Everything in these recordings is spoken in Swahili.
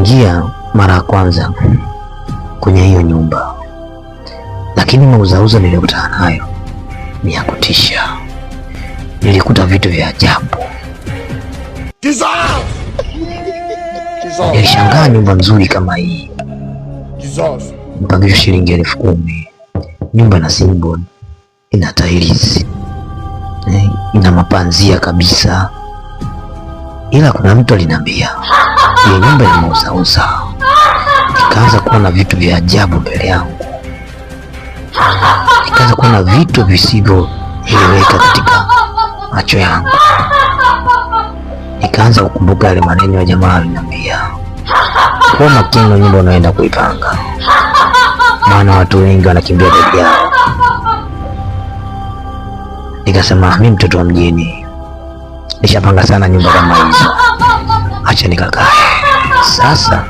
Niliingia mara ya kwanza kwenye hiyo nyumba, lakini mauzauza niliyokutana nayo ni ya kutisha. Nilikuta vitu vya ajabu. Nilishangaa, nyumba nzuri kama hii, mpangisho shilingi elfu kumi, nyumba na simbo ina tailizi, eh, ina mapanzia kabisa ila kuna mtu alinambia ni nyumba ya mauzauza. Nikaanza kuona vitu vya ajabu mbele yangu, nikaanza kuona vitu visivyoeleweka katika macho yangu. Nikaanza kukumbuka yale maneno ya jamaa alinambia kuwa makini na nyumba unaenda kuipanga, maana watu wengi wanakimbia dadi yao. Nikasema mi mtoto wa mjini nishapanga sana nyumba kama hizo, acha nikakae. Sasa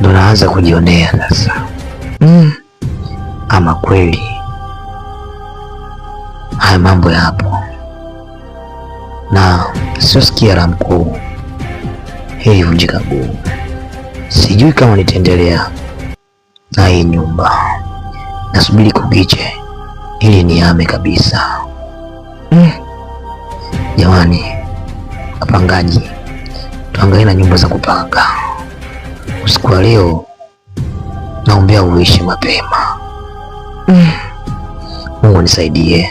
ndo naanza kujionea sasa, mm. ama kweli haya mambo yapo, na sio sikia la mkuu hii vunjika guu. Sijui kama nitaendelea na hii nyumba, nasubiri kukiche ili niame kabisa mm. Jamani wapangaji, tuangalie na nyumba za kupanga. Usiku wa leo naombea uishi mapema. Mm. Mungu nisaidie.